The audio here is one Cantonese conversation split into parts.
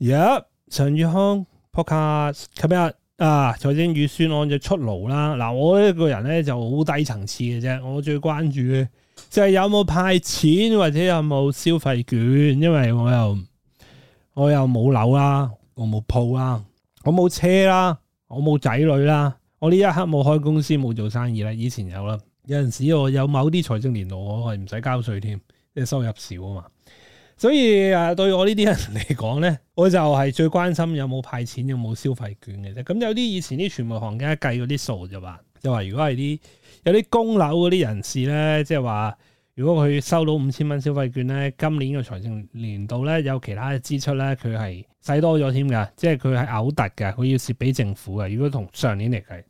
而家陳宇康 Podcast，撲卡，今日啊，財政預算案就出爐啦。嗱，我呢個人咧就好低層次嘅啫，我最關注嘅即係有冇派錢或者有冇消費券，因為我又我又冇樓啦，我冇鋪啦，我冇車啦，我冇仔女啦，我呢一刻冇開公司冇做生意啦，以前有啦，有陣時我有某啲財政年度我係唔使交稅添，因為收入少啊嘛。所以啊，對我呢啲人嚟講咧，我就係最關心有冇派錢，有冇消費券嘅啫。咁有啲以前啲傳媒行家計嗰啲數就話，即係話如果係啲有啲供樓嗰啲人士咧，即係話如果佢收到五千蚊消費券咧，今年嘅財政年度咧有其他嘅支出咧，佢係使多咗添㗎，即係佢係嘔突㗎，佢要蝕俾政府㗎。如果同上年嚟計，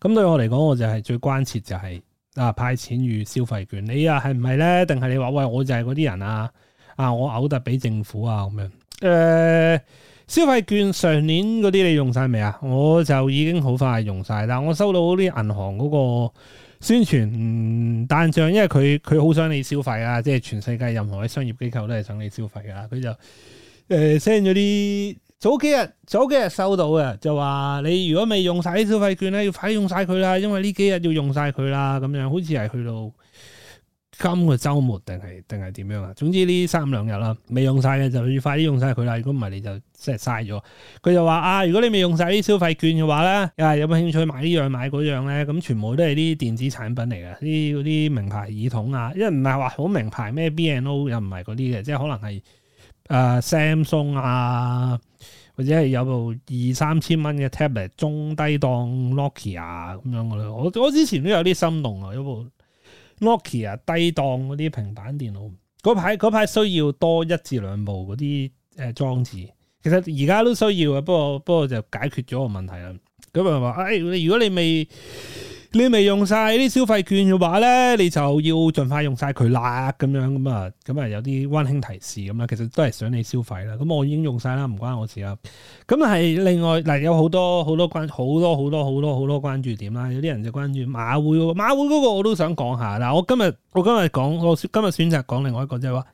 咁對我嚟講，我就係最關切就係啊派錢與消費券。你啊係唔係咧？定係你話喂，我就係嗰啲人啊？啊！我嘔突俾政府啊咁樣。誒、呃，消費券上年嗰啲你用晒未啊？我就已經好快用晒啦，我收到嗰啲銀行嗰個宣傳單張、嗯，因為佢佢好想你消費啊，即係全世界任何嘅商業機構都係想你消費噶，佢就誒 send 咗啲早幾日早幾日收到嘅，就話你如果未用晒啲消費券咧，要快用晒佢啦，因為呢幾日要用晒佢啦，咁樣好似係去到。今個週末定係定係點樣啊？總之呢三兩日啦，未用晒嘅就要快啲用晒佢啦。如果唔係你就即係嘥咗。佢就話啊，如果你未用晒啲消費券嘅話咧、啊，有冇興趣買，買呢樣買嗰樣咧？咁全部都係啲電子產品嚟嘅，啲嗰啲名牌耳筒啊，因為唔係話好名牌咩 B&O 又唔係嗰啲嘅，即係可能係誒、呃、Samsung 啊，或者係有部二三千蚊嘅 tablet 中低檔 Lokia 啊咁樣嘅咧。我我之前都有啲心動啊，有部。Nokia 低檔嗰啲平板電腦嗰排嗰排需要多一至兩部嗰啲誒裝置，其實而家都需要嘅，不過不過就解決咗個問題啦。咁咪話，你、哎、如果你未。你未用晒啲消費券嘅話咧，你就要盡快用晒佢啦，咁樣咁啊，咁啊有啲溫馨提示咁啦，其實都係想你消費啦。咁我已經用晒啦，唔關我事啦。咁係另外嗱，有好多好多關好多好多好多好多關注點啦。有啲人就關注馬會，馬會嗰個我都想講下嗱。我今日我今日講我今日選擇講另外一個即係話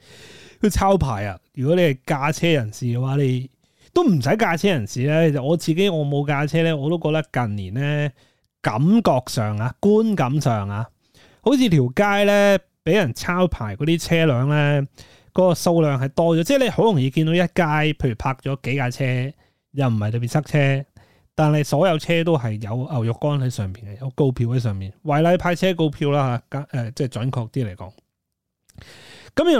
佢抄牌啊。如果你係駕車人士嘅話，你都唔使駕車人士咧。其實我自己我冇駕車咧，我都覺得近年咧。感覺上啊，觀感上啊，好似條街咧，俾人抄牌嗰啲車輛咧，嗰個數量係多咗，即係你好容易見到一街，譬如泊咗幾架車，又唔係特別塞車，但係所有車都係有牛肉乾喺上邊，有告票喺上面，違例派車告票啦吓，誒、呃，即係準確啲嚟講。咁原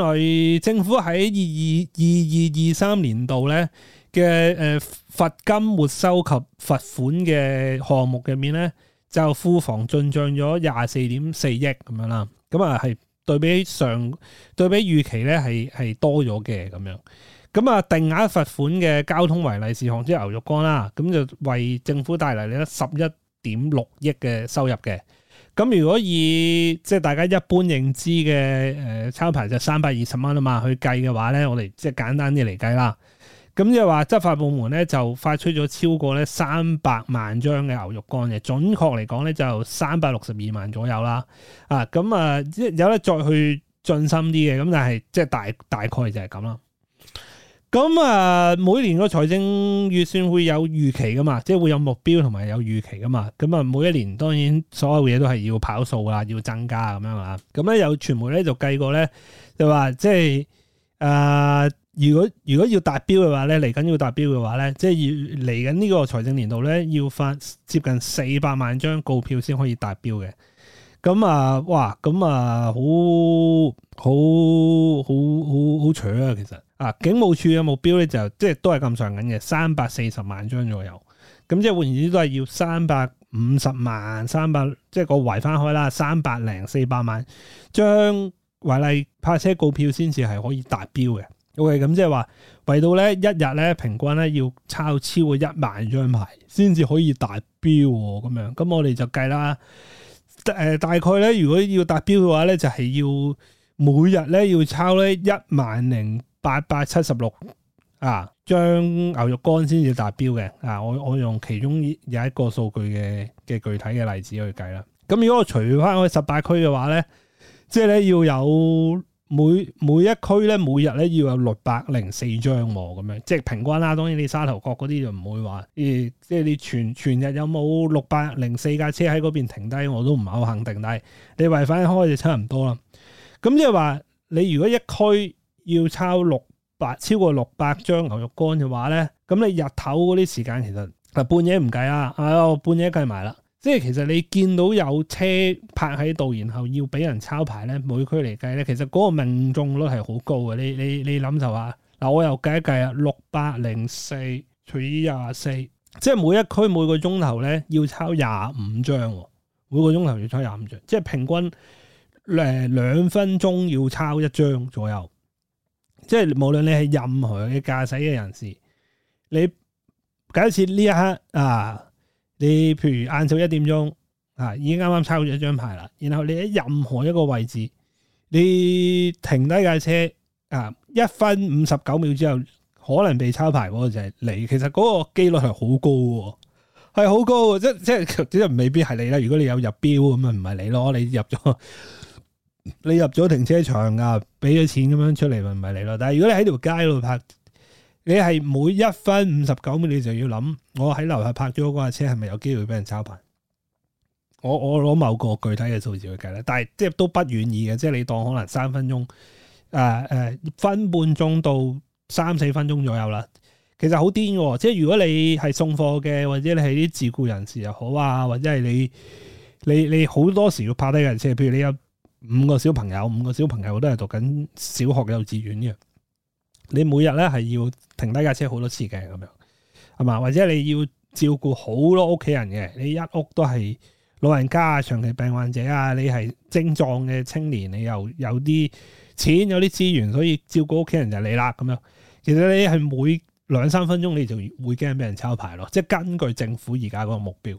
來政府喺二二二二二三年度咧嘅誒罰金沒收及罰款嘅項目入面咧，就庫房進帳咗廿四點四億咁樣啦，咁啊係對比上對比預期咧係係多咗嘅咁樣，咁啊定額罰款嘅交通違例事項即係牛肉乾啦，咁就為政府帶嚟咧十一點六億嘅收入嘅，咁如果以即係大家一般認知嘅誒抄牌就三百二十蚊啊嘛去計嘅話咧，我哋即係簡單啲嚟計啦。咁即係就話執法部門咧就發出咗超過咧三百萬張嘅牛肉乾嘅，準確嚟講咧就三百六十二萬左右啦。啊，咁啊，有得再去進心啲嘅，咁但係即係大大概就係咁啦。咁啊，每年個財政預算會有預期噶嘛，即係會有目標同埋有預期噶嘛。咁啊，每一年當然所有嘢都係要跑數啦，要增加咁樣啊。咁咧有傳媒咧就計過咧就話即係啊。呃如果如果要達標嘅話咧，嚟緊要達標嘅話咧，即係要嚟緊呢個財政年度咧，要發接近四百萬張告票先可以達標嘅。咁啊，哇，咁啊，好好好好好扯啊，其實啊，警務處嘅目標咧就即係都係咁上緊嘅，三百四十萬張左右。咁即係換言之，都係要三百五十萬、三百即係個圍翻開啦，三百零四百萬張違例泊車告票先至係可以達標嘅。O.K. 咁即係話，為到咧一日咧平均咧要抄超過一萬張牌，先至可以達標咁樣。咁我哋就計啦，誒、呃，大概咧如果要達標嘅話咧，就係、是、要每日咧要抄咧一萬零八百七十六啊張牛肉乾先至達標嘅。啊，我我用其中有一個數據嘅嘅具體嘅例子去計啦。咁如果我除翻去十八區嘅話咧，即係咧要有。每每一區咧，每日咧要有六百零四張喎，咁樣即係平均啦。當然你沙頭角嗰啲就唔會話、欸，即係你全全日有冇六百零四架車喺嗰邊停低，我都唔係好肯定。但係你維返開就差唔多啦。咁即係話你如果一區要抄六百、超過六百張牛肉乾嘅話咧，咁你日頭嗰啲時間其實啊，半夜唔計啊，啊、哎、半夜計埋啦。即係其實你見到有車泊喺度，然後要俾人抄牌咧，每區嚟計咧，其實嗰個命中率係好高嘅。你你你諗就話嗱，我又計一計啊，六百零四除以廿四，24, 即係每一區每個鐘頭咧要抄廿五張，每個鐘頭要抄廿五張，即係平均誒兩分鐘要抄一張左右。即係無論你係任何嘅駕駛嘅人士，你假設呢一刻啊～你譬如晏晝一點鐘啊，已經啱啱抄咗一張牌啦。然後你喺任何一個位置，你停低架車啊，一分五十九秒之後，可能被抄牌嗰就係你。其實嗰個機率係好高喎，係好高。即即係即係未必係你啦。如果你有入標咁咪唔係你咯。你入咗你入咗停車場呀，俾咗錢咁樣出嚟，咪唔係你咯。但係如果你喺條街度拍。你係每一分五十九秒，你就要諗，我喺樓下拍咗嗰架車，係咪有機會俾人抄牌我？我我攞某個具體嘅數字去計咧，但係即係都不願意嘅，即係你當可能三分鐘，誒、呃、誒、呃，分半鐘到三四分鐘左右啦。其實好癲嘅，即係如果你係送貨嘅，或者你係啲自僱人士又好啊，或者係你你你好多時要拍低架車，譬如你有五個小朋友，五個小朋友都係讀緊小學、幼稚園嘅。你每日咧係要停低架車好多次嘅咁樣，係嘛？或者你要照顧好多屋企人嘅，你一屋都係老人家啊、長期病患者啊，你係精壯嘅青年，你又有啲錢、有啲資源，所以照顧屋企人就你啦咁樣。其實你係每兩三分鐘你就會驚俾人抄牌咯，即係根據政府而家嗰個目標，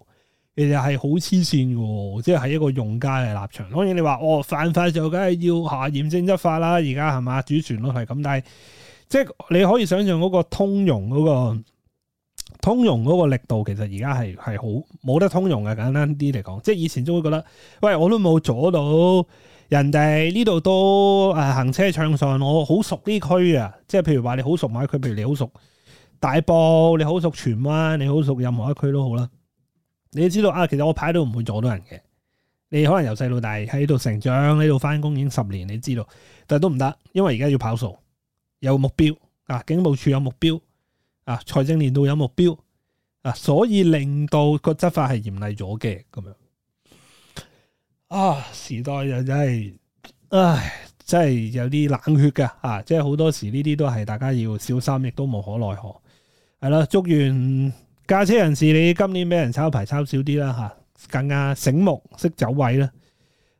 其實係好黐線喎。即係喺一個用家嘅立場。當然你話哦犯法就梗係要下嚴正執法啦，而家係嘛，主旋律係咁，但係。即係你可以想象嗰個通融嗰、嗰個通融嗰個力度，其實而家係係好冇得通融嘅。簡單啲嚟講，即係以前都會覺得，喂，我都冇阻到人哋呢度都誒行車暢順。我好熟呢區啊，即係譬如話你好熟買區，譬如你好熟大埔，你好熟荃灣，你好熟任何一區都好啦。你知道啊，其實我排都唔會阻到人嘅。你可能由細到大喺度成長，喺度翻工，已經十年，你知道，但係都唔得，因為而家要跑數。有目標啊，警務處有目標啊，財政年度有目標啊，所以令到個執法係嚴厲咗嘅咁樣啊，時代就真係唉，真係有啲冷血噶啊，即係好多時呢啲都係大家要小心，亦都無可奈何。係啦，祝願駕車人士你今年俾人抄牌抄少啲啦吓，更加醒目識走位啦，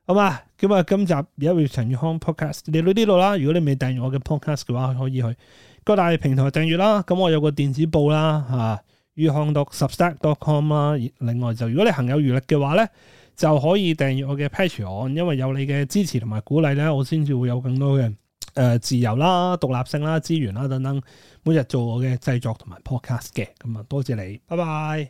好嘛？咁啊，今集而家《與陳宇康 Podcast》嚟到呢度啦。如果你未訂閱我嘅 Podcast 嘅話，可以去各大平台訂閱啦。咁我有個電子報啦，吓、啊，宇康讀 substack.com 啦。另外就如果你行有餘力嘅話咧，就可以訂閱我嘅 Patreon，因為有你嘅支持同埋鼓勵咧，我先至會有更多嘅誒、呃、自由啦、獨立性啦、資源啦等等。每日做我嘅製作同埋 Podcast 嘅，咁啊，多謝你，拜拜。